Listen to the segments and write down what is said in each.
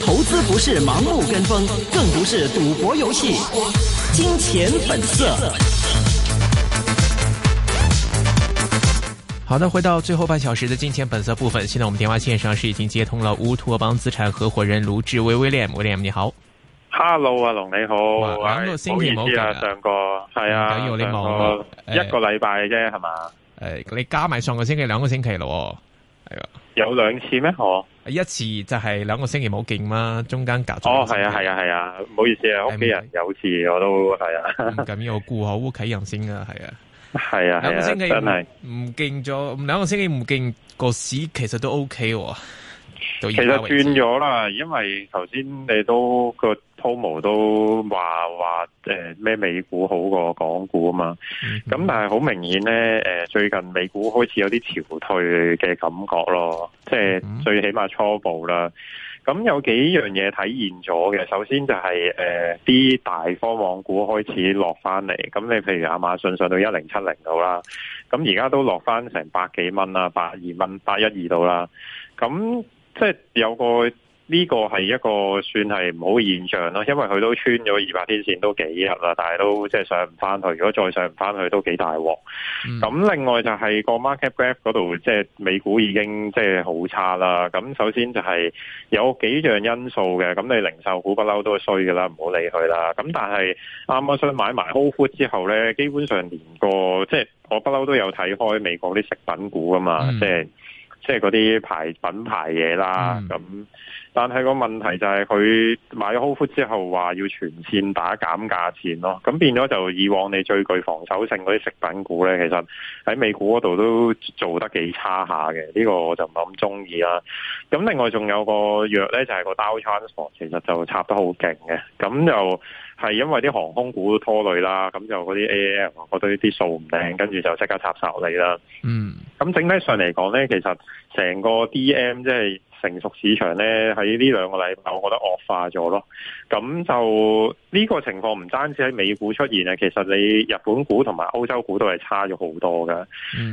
投資不是盲目跟風，更不是賭博遊戲。金錢本色。好的，回到最後半小時的金錢本色部分。現在我們電話線上是已經接通了烏托邦資產合夥人盧志偉 William，William 你好。Hello 啊龍你好，唔好意思啊上個係啊，緊要你忙一個禮拜啫係嘛？誒，你加埋上個星期兩個星期咯。係啊，有兩次咩？哦，一次就係兩個星期冇見啦，中間隔咗。哦，係啊，係啊，係啊，唔好意思啊，屋企人有次我都係啊，唔緊要，我顧好屋企人先啊，係啊，係啊，兩個星期唔見咗，兩個星期唔見個市，其實都 OK 喎。其實轉咗啦，因為頭先你都個湯姆都話話誒咩美股好過港股啊嘛，咁、嗯、哼但係好明顯咧誒、呃，最近美股開始有啲潮退嘅感覺咯，即係最起碼初步啦。咁、嗯、有幾樣嘢體現咗嘅，首先就係誒啲大科網股開始落翻嚟，咁你譬如亞馬遜上到一零七零度啦，咁而家都落翻成百幾蚊啦，百二蚊，百一二度啦，咁。即係有個呢、這個係一個算係唔好現象咯，因為佢都穿咗二百天綫都幾日啦，但係都即係上唔翻去，如果再上唔翻去都幾大鑊。咁、嗯、另外就係個 market breadth 嗰度，即係美股已經即係好差啦。咁首先就係有幾樣因素嘅，咁你零售股不嬲都係衰噶啦，唔好理佢啦。咁但係啱啱想買埋 Whole Foods 之後咧，基本上連個即係我不嬲都有睇開美國啲食品股噶嘛，嗯、即係。即係嗰啲牌品牌嘢啦，咁。但係個問題就係佢買咗 Whole Foods 之後話要全線打減價戰咯，咁變咗就以往你最具防守性嗰啲食品股咧，其實喺美股嗰度都做得幾差下嘅，呢、這個我就唔咁中意啦。咁另外仲有個弱咧，就係、是、個 Dow Transport 其實就插得好勁嘅。咁就係因為啲航空股都拖累啦，咁就嗰啲 AM 覺得啲數唔靚，跟住就即刻插手你啦。嗯。咁整體上嚟講咧，其實成個 DM 即、就、係、是。成熟市場咧喺呢兩個禮拜，我覺得惡化咗咯。咁就呢、這個情況唔單止喺美股出現啊，其實你日本股同埋歐洲股都係差咗好多噶。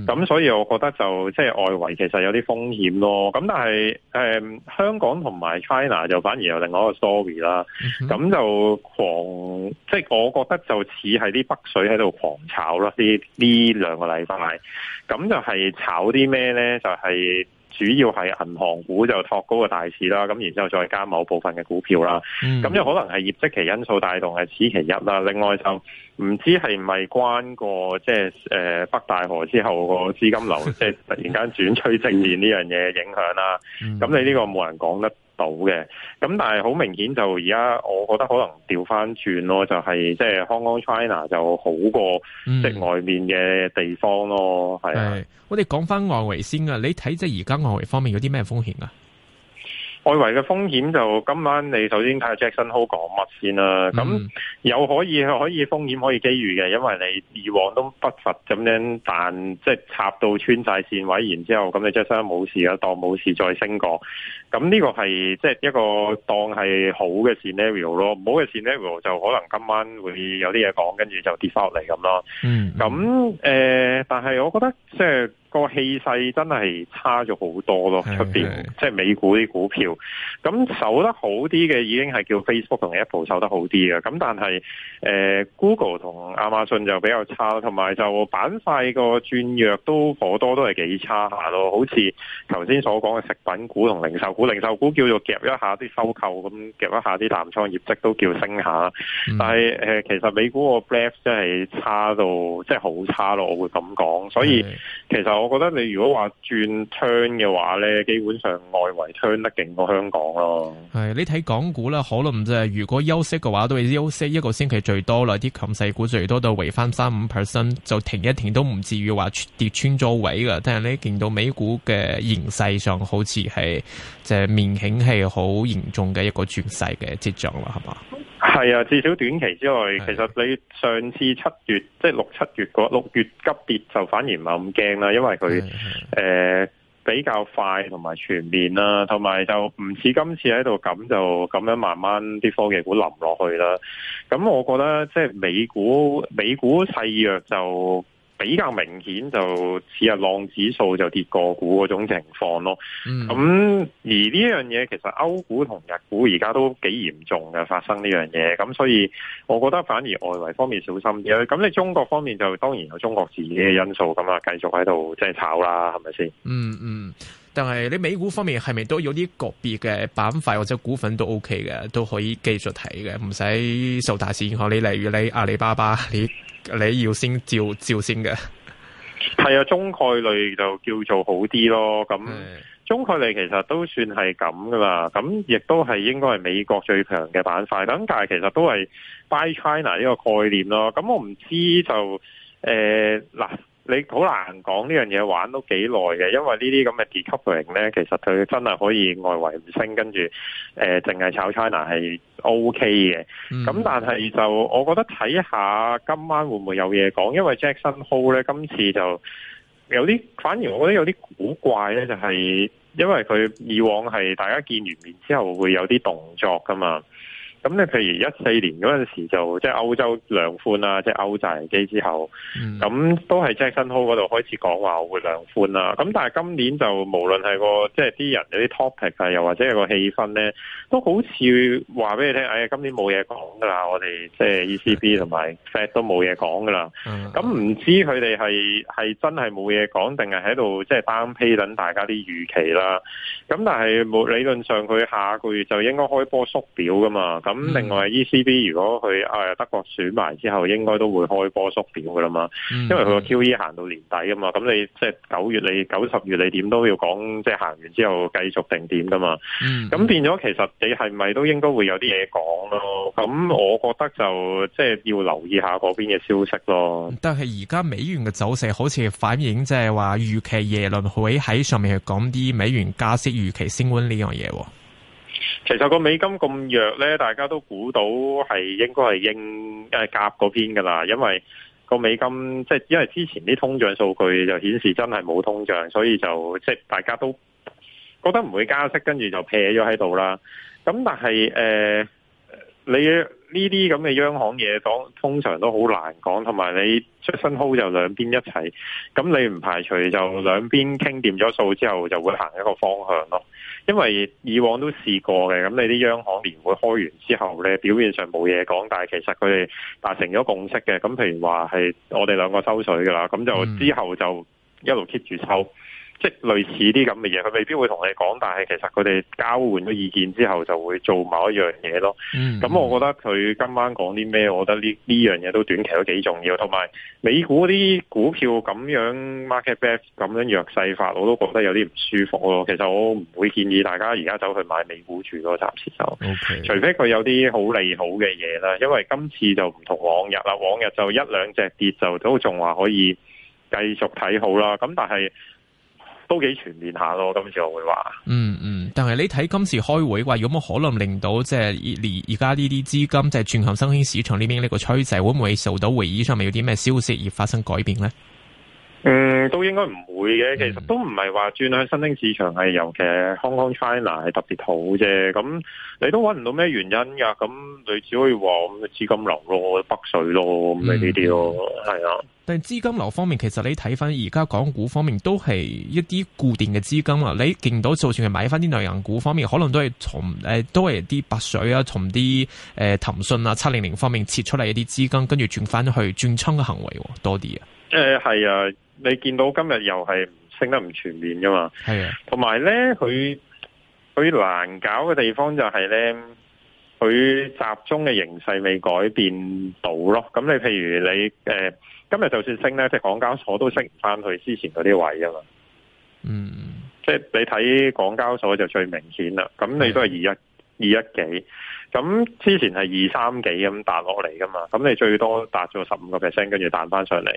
咁、嗯、所以我覺得就即係外圍其實有啲風險咯。咁但係誒、呃、香港同埋 China 就反而有另外一個 story 啦。咁、嗯、哼就狂，即係我覺得就似係啲北水喺度狂炒咯。呢呢兩個禮拜，咁就係炒啲咩咧？就係、是。主要係銀行股就托高個大市啦，咁然之後再加某部分嘅股票啦，咁有、嗯、可能係業績期因素帶動係此其一啦。另外就唔知係咪關過即係誒北大河之後個資金流，即係 突然間轉趨正面呢樣嘢影響啦。咁、嗯、你呢個冇人講得。到嘅，咁、嗯、但係好明顯，就而家，我覺得可能調翻轉咯，就係即係 Hong Kong China 就好過即係外面嘅地方咯。係、嗯、係。我哋講翻外圍先啊，你睇即係而家外圍方面有啲咩風險啊？外圍嘅風險就今晚你首先睇下 Jackson Hole 講乜先啦。咁有、嗯、可以可以風險可以機遇嘅，因為你以往都不乏咁樣彈即係插到穿晒線位，然之後咁你 Jackson 冇事啊，當冇事再升過。咁呢個係即係一個當係好嘅 scenario 咯，唔好嘅 scenario 就可能今晚會有啲嘢講，跟住就跌翻落嚟咁咯。咁誒、嗯嗯嗯呃，但係我覺得即係。個氣勢真係差咗好多咯，出邊是即係美股啲股票，咁守得好啲嘅已經係叫 Facebook 同 Apple 守得好啲嘅，咁但係誒、呃、Google 同亞馬遜就比較差，同埋就板塊個轉弱都頗多都係幾差下咯，好似頭先所講嘅食品股同零售股，零售股叫做夾一下啲收購，咁夾一下啲淡倉業績都叫升下，嗯、但係誒、呃、其實美股個 Black 真係差到即係好差咯，我會咁講，所以是是其實。我覺得你如果轉轉話轉 turn 嘅話咧，基本上外圍 turn 得勁過香港咯。係、哎、你睇港股咧，可能即係如果休息嘅話，都係休息一個星期最多啦。啲強勢股最多都圍翻三五 percent，就停一停都唔至於話跌穿咗位噶。但係你見到美股嘅形勢上好，好似係即係明顯係好嚴重嘅一個轉勢嘅跡象啦，係嘛？係啊，至少短期之外，其實你上次七月即係六七月嗰六月急跌就反而唔係咁驚啦，因為佢誒、 呃、比較快同埋全面啦，同埋就唔似今次喺度咁就咁樣慢慢啲科技股冧落去啦。咁我覺得即係美股美股勢弱就。比較明顯就似日浪指數就跌個股嗰種情況咯，咁、mm hmm. 而呢樣嘢，其實歐股同日股而家都幾嚴重嘅發生呢樣嘢，咁所以我覺得反而外圍方面小心啲，咁你中國方面就當然有中國自己嘅因素咁啊，繼、mm hmm. 續喺度即係炒啦，係咪先？嗯嗯、mm。Hmm. 但係你美股方面係咪都有啲個別嘅板塊或者股份都 OK 嘅，都可以繼續睇嘅，唔使受大市影響？你例如你阿里巴巴，你你要先照照先嘅。係啊，中概類就叫做好啲咯。咁中概類其實都算係咁噶啦。咁亦都係應該係美國最強嘅板塊。咁但係其實都係 Buy China 呢個概念咯。咁我唔知就誒嗱。呃你好難講呢樣嘢，玩都幾耐嘅，因為這這呢啲咁嘅 decoupling 咧，其實佢真係可以外圍唔升，跟住誒，淨、呃、係炒 China 係 O K 嘅。咁、mm hmm. 但係就我覺得睇下今晚會唔會有嘢講，因為 Jackson Hole 咧，今次就有啲反而我覺得有啲古怪咧，就係、是、因為佢以往係大家見完面之後會有啲動作噶嘛。咁你譬如一四年嗰陣時就即係歐洲量寬啦，即係歐債危機之後，咁、嗯、都係即係 Jackson Hole 嗰度開始講話會量寬啦。咁但係今年就無論係個即係啲人有啲 topic 啊，又或者個氣氛咧，都好似話俾你聽，哎呀，今年冇嘢講㗎啦，我哋即係 ECB 同埋 Fed 都冇嘢講㗎啦。咁唔 知佢哋係係真係冇嘢講定係喺度即係 downplay 等大家啲預期啦？咁但係冇理論上佢下個月就應該開波縮表㗎嘛？咁另外 ECB 如果佢誒德國選埋之後，應該都會開波縮表噶啦嘛，因為佢個 QE 行到年底啊嘛，咁你即係九月，你九十月你點都要講，即係行完之後繼續定點噶嘛。咁變咗其實你係咪都應該會有啲嘢講咯？咁我覺得就即係要留意下嗰邊嘅消息咯。但係而家美元嘅走勢好似反映即係話預期耶倫會喺上面去講啲美元加息預期升溫呢樣嘢。其實個美金咁弱呢，大家都估到係應該係應誒夾嗰邊嘅喇，因為個美金即係因為之前啲通脹數據就顯示真係冇通脹，所以就即係大家都覺得唔會加息，跟住就撇咗喺度啦。咁但係誒。你呢啲咁嘅央行嘢講通常都好難講，同埋你出新號就兩邊一齊，咁你唔排除就兩邊傾掂咗數之後就會行一個方向咯。因為以往都試過嘅，咁你啲央行年會開完之後咧，表面上冇嘢講，但係其實佢哋達成咗共識嘅，咁譬如話係我哋兩個收水噶啦，咁就之後就一路 keep 住抽。即係類似啲咁嘅嘢，佢未必會同你講，但係其實佢哋交換咗意見之後，就會做某一樣嘢咯。咁、mm hmm. 我覺得佢今晚講啲咩，我覺得呢呢樣嘢都短期都幾重要。同埋美股啲股票咁樣 market bear 咁樣弱勢化，我都覺得有啲唔舒服咯。其實我唔會建議大家而家走去買美股住咯，暫時就，Okay. 除非佢有啲好利好嘅嘢啦。因為今次就唔同往日啦，往日就一兩隻跌就都仲話可以繼續睇好啦。咁但係，都幾全面下咯，今次我會話。嗯嗯，但係你睇今次開會話，有冇可能令到即係而家呢啲資金即係轉向新興市場呢邊呢個趨勢，會唔會受到會議上面有啲咩消息而發生改變呢？誒、嗯，都應該唔會嘅，其實都唔係話轉向新興市場係尤其係 Hong Kong China 係特別好啫。咁你都揾唔到咩原因㗎？咁你只可以話咁資金流咯，北水咯，咁嘅呢啲咯，係、嗯、啊。資金流方面，其實你睇翻而家港股方面，都係一啲固定嘅資金啊！你見到就算係買翻啲內銀股方面，可能都係從誒，都係啲白水啊，從啲誒騰訊啊七零零方面撤出嚟一啲資金，跟住轉翻去轉倉嘅行為多啲啊！誒，係、呃、啊，你見到今日又係升得唔全面噶嘛？係啊，同埋咧，佢佢難搞嘅地方就係咧，佢集中嘅形勢未改變到咯。咁你譬如你誒。呃今日就算升咧，即係港交所都升唔翻去之前嗰啲位啊嘛。嗯，即係你睇港交所就最明顯啦。咁你都係二一。二一幾？咁之前係二三幾咁彈落嚟噶嘛？咁你最多達咗十五個 percent，跟住彈翻上嚟。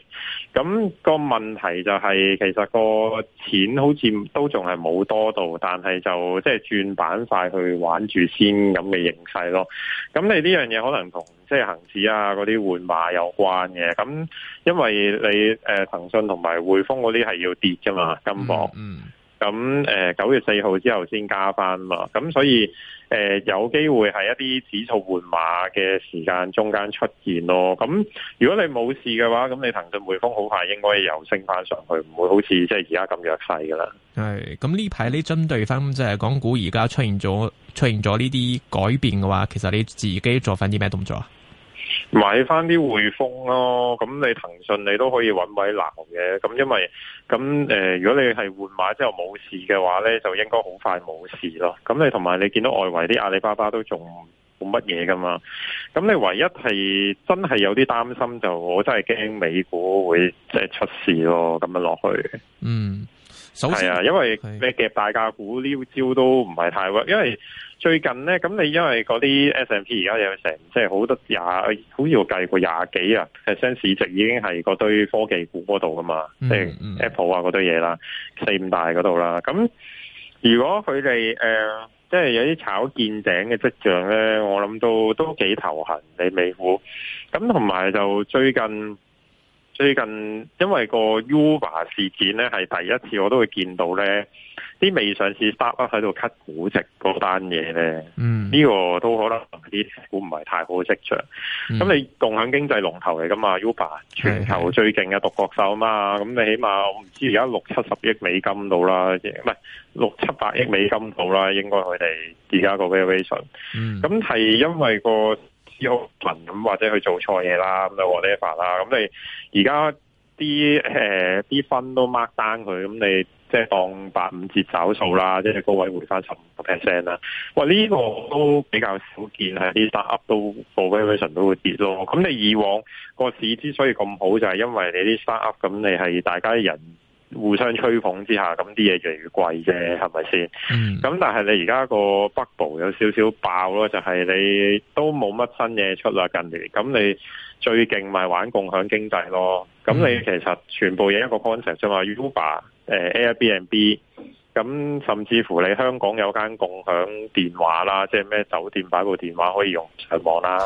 咁、咁個問題就係、係、其實個錢好似都仲係冇多到，但係就即係轉板塊去玩住先咁嘅形勢咯。咁你呢樣嘢可能同即係恆指啊嗰啲換馬有關嘅。咁因為你誒、呃、騰訊同埋匯豐嗰啲係要跌㗎嘛？金房嗯。嗯。咁誒，九月四號之後先加翻嘛，咁所以誒、呃，有機會係一啲指數換馬嘅時間中間出現咯。咁如果你冇事嘅話，咁你騰訊匯豐好快應該又升翻上去，唔會好似即係而家咁弱勢噶啦。係，咁呢排你針對翻即係港股而家出現咗出現咗呢啲改變嘅話，其實你自己做翻啲咩動作啊？買翻啲匯豐咯，咁你騰訊你都可以揾位鬧嘅，咁因為咁誒、呃，如果你係換買之後冇事嘅話咧，就應該好快冇事咯。咁你同埋你見到外圍啲阿里巴巴都仲冇乜嘢㗎嘛？咁你唯一係真係有啲擔心就，我真係驚美股會即係出事咯，咁樣落去。嗯，首先係啊，因為咩夾大價股呢招都唔係太屈，因為。最近咧，咁你因為嗰啲 S&P 而家有成，即係好多廿，好似我計過廿幾啊，S&P 市值已經係嗰堆科技股嗰度㗎嘛，嗯嗯、即係 Apple 啊嗰堆嘢啦，四五大嗰度啦。咁如果佢哋誒，即係有啲炒見頂嘅跡象咧，我諗到都，都幾頭痕。你美股咁同埋就最近。最近因為個 Uber 事件咧，係第一次我都會見到咧，啲未上市 startup 喺度 cut 估值嗰單嘢咧，呢、嗯、個都可能啲股唔係太好跡象。咁、嗯、你共享經濟龍頭嚟噶嘛？Uber 全球最勁嘅獨角獸啊嘛！咁是你起碼我唔知而家六七十億美金到啦，唔係六七百億美金到啦，應該佢哋而家個 valuation。咁係、嗯嗯、因為、那個。open 咁或者去做錯嘢啦，咁就和呢一 e 啦，咁你而家啲誒啲分都 mark down 佢，咁你即係當八五折找數啦，即係高位回翻十五個 percent 啦。喂， 呢個都比較少見啊。啲三 up 都 valuation 都會跌咯。咁你以往個市之所以咁好就係因為你啲三 up 咁你係大家人。互相吹捧之下，咁啲嘢越嚟越貴啫，係咪先？咁、嗯、但係你而家個 bubble 有少少爆咯，就係、是、你都冇乜新嘢出啦，近年。咁你最勁咪玩共享經濟咯？咁你其實全部嘢一個 concept 啫嘛、就是，Uber，誒、呃、Airbnb。咁甚至乎你香港有間共享電話啦，即係咩酒店擺部電話可以用上網啦。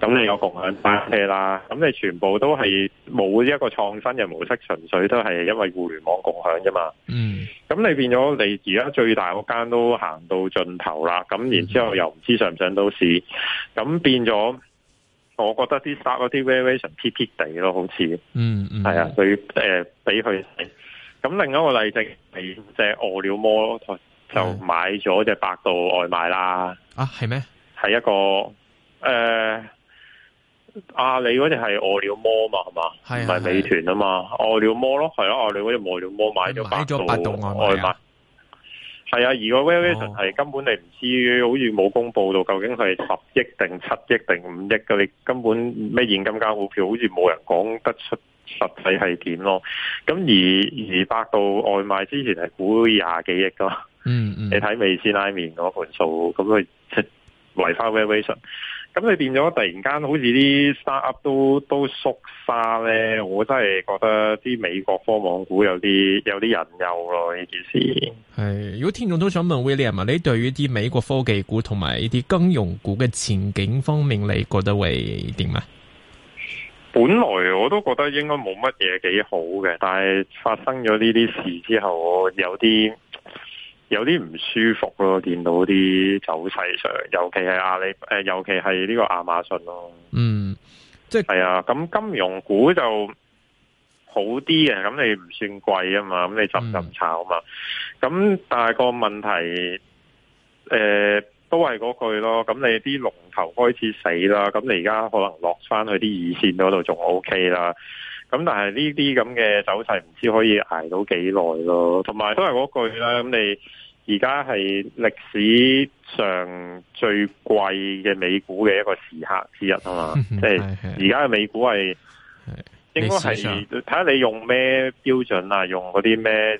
咁 你有共享單車啦，咁你全部都係冇一個創新嘅模式，純粹都係因為互聯網共享啫嘛。嗯。咁你變咗你而家最大嗰間都行到盡頭啦。咁然之後又唔知上唔上到市。咁變咗，我覺得啲殺嗰啲 variation P P 地咯，好似。嗯嗯。係啊，佢誒俾佢。咁另一個例證，你即係餓了麼就買咗隻百度外賣啦、啊呃。啊，係咩？係一個誒阿里嗰隻係餓了麼嘛，係、啊、嘛？唔係美團啊嘛，餓了麼咯，係咯、啊，阿里嗰隻餓了麼買咗百度外賣。係啊，啊，而個 valuation 係根本你唔知，哦、好似冇公布到究竟係十億定七億定五億嘅，你根本咩現金加股票好似冇人講得出。實際係點咯？咁而而百度外賣之前係估廿幾億噶，嗯嗯，你睇味千拉麵嗰盤數，咁佢即係維他維維純，咁你變咗突然間好似啲 startup 都都縮沙咧，我真係覺得啲美國科網股有啲有啲隱憂咯呢件事。係，如果聽眾都想問 William 啊，你對於啲美國科技股同埋呢啲金融股嘅前景方面，你覺得會點啊？本來我都覺得應該冇乜嘢幾好嘅，但係發生咗呢啲事之後，我有啲有啲唔舒服咯。見到啲走勢上，尤其係阿里，誒，尤其係呢個亞馬遜咯。嗯，即係啊，咁金融股就好啲嘅，咁你唔算貴啊嘛，咁你浸浸炒嘛。咁但係個問題，誒、呃。都係嗰句咯，咁你啲龍頭開始死啦，咁你而家可能落翻去啲二線嗰度仲 OK 啦，咁但係呢啲咁嘅走勢唔知可以捱到幾耐咯，同埋都係嗰句啦，咁你而家係歷史上最貴嘅美股嘅一個時刻之一啊嘛，即係而家嘅美股係。 應該係睇下你用咩標準啊，用嗰啲咩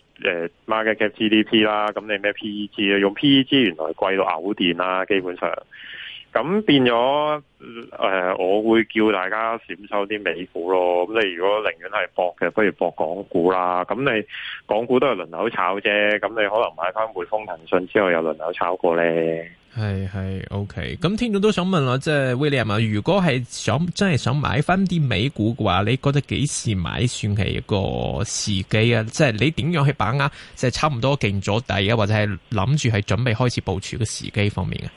market cap GDP 啦，咁你咩 PEG 啊，用 PEG 原來貴到嘔電啦，基本上咁變咗誒、呃，我會叫大家選收啲美股咯。咁你如果寧願係博嘅，不如博港股啦。咁你港股都係輪流炒啫，咁你可能買翻匯豐、騰訊之後又輪流炒過呢。係係 OK，咁聽眾都想問啦，即係 William 啊，如果係想真係想買翻啲美股嘅話，你覺得幾時買算係一個時機啊？即係你點樣去把握？即係差唔多見咗底啊，或者係諗住係準備開始部署嘅時機方面啊？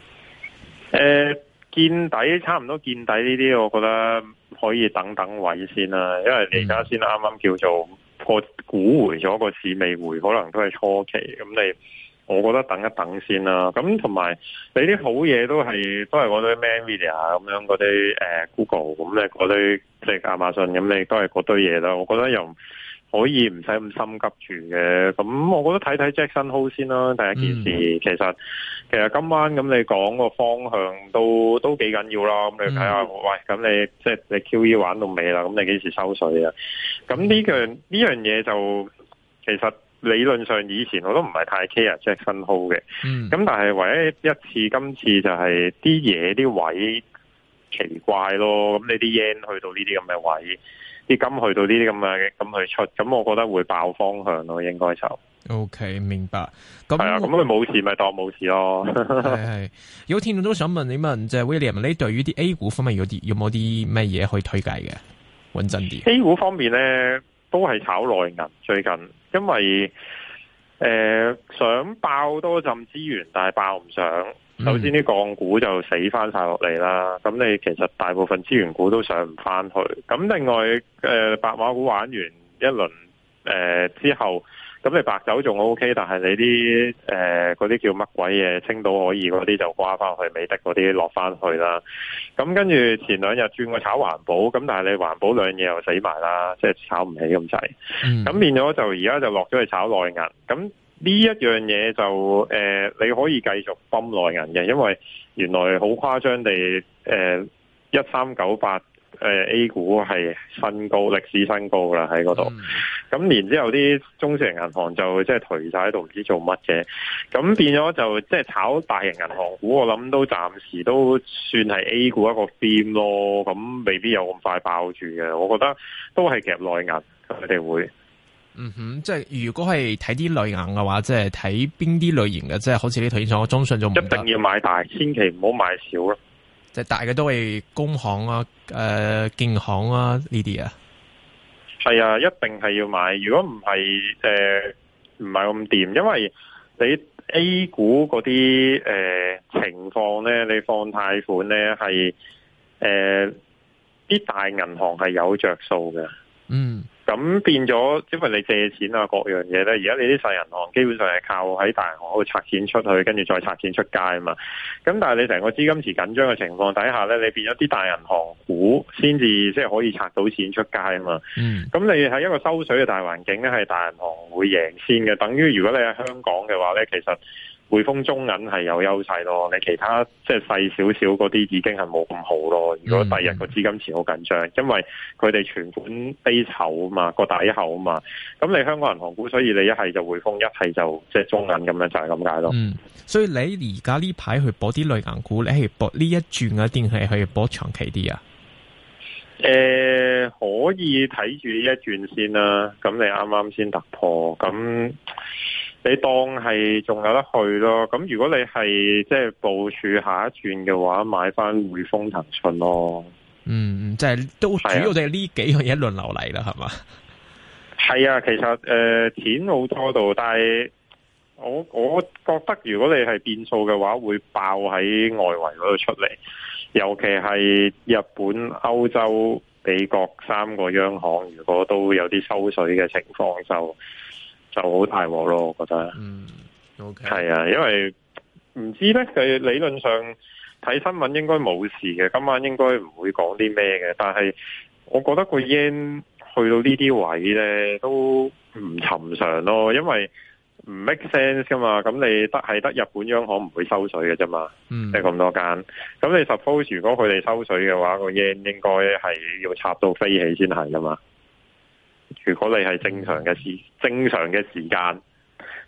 誒、呃，見底差唔多見底呢啲，我覺得可以等等位先啦、啊，因為你而家先啱啱叫做個股回咗個市未回，可能都係初期，咁你。我覺得等一等先啦、啊，咁同埋你啲好嘢都係都係嗰啲 Nvidia 咁樣嗰啲誒 Google 咁咧嗰啲即係亞馬遜咁你都係嗰堆嘢啦，我覺得又可以唔使咁心急住嘅。咁我覺得睇睇 Jackson Hole 先啦、啊，第一件事、mm hmm. 其實其實今晚咁你講個方向都都幾緊要啦。咁你睇下，mm hmm. 喂咁你即係你，你 QE 玩到尾啦，咁你幾時收水啊？咁呢、這個呢、mm hmm. 樣嘢就其實。理論上以前我都唔係太 care 即係分號嘅，咁、嗯、但係唯一一次今次就係啲嘢啲位奇怪咯，咁你啲 yen 去到呢啲咁嘅位，啲金去到呢啲咁嘅，咁去出，咁我覺得會爆方向咯，應該就。OK，明白，咁係啊，咁佢冇事咪當冇事咯。係 係，有聽眾都想問你問，即係 William，你對於啲 A 股方面有啲有冇啲咩嘢可以推介嘅穩陣啲？A 股方面咧。都係炒內銀，最近因為誒、呃、想爆多陣資源，但係爆唔上。首先啲鋼股就死翻晒落嚟啦，咁你其實大部分資源股都上唔翻去。咁另外誒、呃、白馬股玩完一輪誒、呃、之後。咁你白酒仲 OK，但係你啲誒嗰啲叫乜鬼嘢？青島海爾嗰啲就瓜翻去，美的嗰啲落翻去啦。咁、嗯嗯、跟住前兩日轉過炒環保，咁但係你環保兩嘢又死埋啦，即係炒唔起咁滯。咁變咗就而家就落咗去炒內銀。咁呢一樣嘢就誒、呃，你可以繼續泵內銀嘅，因為原來好誇張地誒一三九八。呃誒、uh、A 股係新高，歷史新高啦喺嗰度。咁、嗯、然之後啲中小型銀行就即係頹晒喺度，唔知做乜嘅。咁變咗就即係炒大型銀行股，我諗都暫時都算係 A 股一個邊咯。咁未必有咁快爆住嘅。我覺得都係夾內銀佢哋會。嗯哼，即係如果係睇啲類型嘅話，即係睇邊啲類型嘅，即係好似你睇咗中信就。一定要買大，千祈唔好買少咯。即係大家都係工行啊、誒、呃、建行啊呢啲啊，係啊，一定係要買。如果唔係，誒唔係咁掂，因為你 A 股嗰啲誒情況咧，你放貸款咧係誒啲大銀行係有着數嘅。嗯。咁變咗，因為你借錢啊，各樣嘢咧，而家你啲細銀行基本上係靠喺大銀行度拆錢出去，跟住再拆錢出街啊嘛。咁但係你成個資金池緊張嘅情況底下咧，你變咗啲大銀行股先至即係可以拆到錢出街啊嘛。嗯、咁你喺一個收水嘅大環境咧，係大銀行會贏先嘅。等於如果你喺香港嘅話咧，其實。匯豐中銀係有優勢咯，你其他即係細少少嗰啲已經係冇咁好咯。如果第日個資金池好緊張，因為佢哋存款低丑啊嘛，個底厚啊嘛，咁你香港銀行股，所以你一係就匯豐，一係就即係中銀咁樣，就係咁解咯。嗯，所以你而家呢排去播啲類銀行股，你係博呢一轉啊，定係去博長期啲啊？誒、呃，可以睇住呢一轉先啦、啊。咁你啱啱先突破咁。你當係仲有得去咯，咁如果你係即係部署下一轉嘅話，買返匯豐騰訊咯。嗯，即係都主要都係呢幾樣嘢輪流嚟啦，係嘛、啊？係吧啊，其實誒、呃、錢好多度，但係我我覺得如果你係變數嘅話，會爆喺外圍嗰度出嚟，尤其係日本、歐洲、美國三個央行，如果都有啲收水嘅情況就就好大鑊咯，我覺得。嗯，O K。係啊，因為唔知咧，佢理論上睇新聞應該冇事嘅，今晚應該唔會講啲咩嘅。但係我覺得個 yen 去到呢啲位咧，都唔尋常咯，因為唔 make sense 噶嘛。咁你得係得日本央行唔會收水嘅啫嘛。即係咁多間。咁你 suppose 如果佢哋收水嘅話，個 yen 應該係要插到飛起先係噶嘛？如果你係正常嘅時正常嘅時間，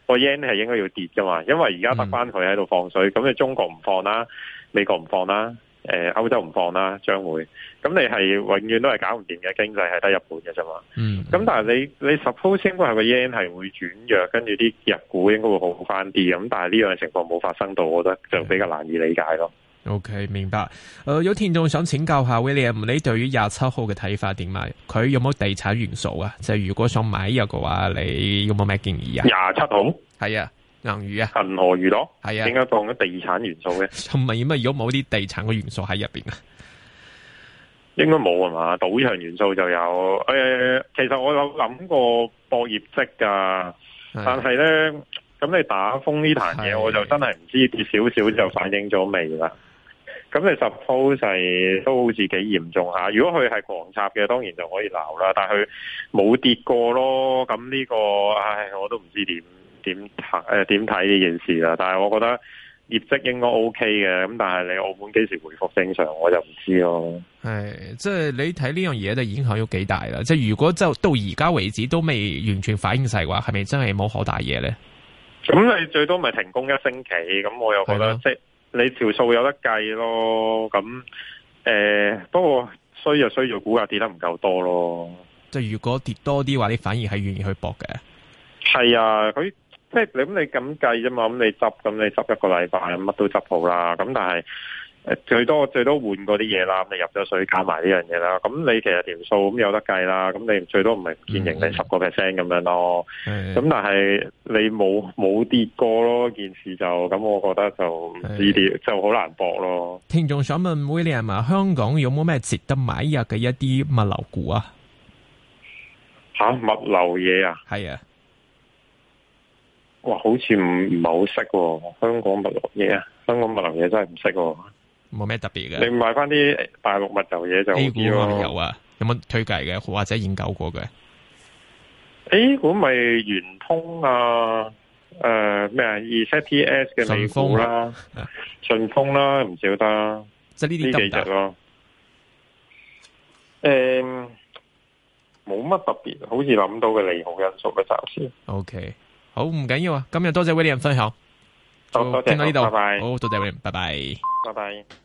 個 yen 係應該要跌㗎嘛，因為而家得翻佢喺度放水，咁你中國唔放啦，美國唔放啦，誒、呃、歐洲唔放啦，將會，咁你係永遠都係搞唔掂嘅經濟係得日本嘅啫嘛。嗯，咁但係你你 supposing 話個 yen 係會轉弱，跟住啲日股應該會好翻啲咁，但係呢樣情況冇發生到，我覺得就比較難以理解咯。OK，明白。誒、呃，有聽眾想請教下 William，你對於廿七號嘅睇法點嘛？佢有冇地產元素啊？就係如果想買入嘅話，你有冇咩建議號啊？廿七號係啊，銀娛啊，銀河娛樂係啊，點解放咗地產元素嘅？係咪要咩？如果冇啲地產嘅元素喺入邊啊？應該冇啊。嘛？賭場元素就有誒、呃，其實我有諗過博業績噶，的但係咧咁你打風呢壇嘢，的我就真係唔知跌少少就反映咗未啦。咁你 suppose 係都好似幾嚴重嚇？如果佢係狂插嘅，當然就可以鬧啦。但佢冇跌過咯。咁呢個唉，我都唔知點點睇誒點睇呢件事啦。但係我覺得業績應該 OK 嘅。咁但係你澳門幾時回復正常，我就唔知咯。係，即係你睇呢樣嘢嘅影響有幾大啦？即係如果就到而家為止都未完全反映晒嘅話，係咪真係冇可大嘢咧？咁你最多咪停工一星期？咁我又覺得即係。你條數有得計咯，咁、嗯、誒，不過衰就衰在股價跌得唔夠多咯。即係如果跌多啲話，你反而係願意去搏嘅。係啊，佢即係你咁你咁計啫嘛，咁你執咁你執一個禮拜，乜都執好啦。咁但係。最多最多換啲嘢啦，咁你入咗水加埋呢樣嘢啦，咁、嗯嗯嗯嗯、你其實條數咁有得計啦，咁你最多唔係唔見盈，係十個 percent 咁樣咯。咁但係你冇冇跌過咯？件事就咁、嗯，我覺得就唔知啲，嗯、就好難搏咯。聽眾想問會你係咪香港有冇咩值得買入嘅一啲物流股啊？吓、啊，物流嘢啊？係啊。哇，好似唔唔係好識喎，香港物流嘢啊，香港物流嘢真係唔識喎、啊。冇咩特別嘅，你買翻啲大陸物流嘢就，就 A 股有啊，有冇推介嘅，或者研究過嘅？A 股咪圓通啊，誒、呃、咩啊？ESETS 嘅利豐啦，順豐啦，唔、 啊、少得。即係呢啲幾隻咯。誒、嗯，冇乜特別，好似諗到嘅利、okay. 好因素嘅暫時。O K，好唔緊要啊，今日多謝 William 分享。好，oh, 多謝 聽到呢度，好，多謝，拜拜，拜拜。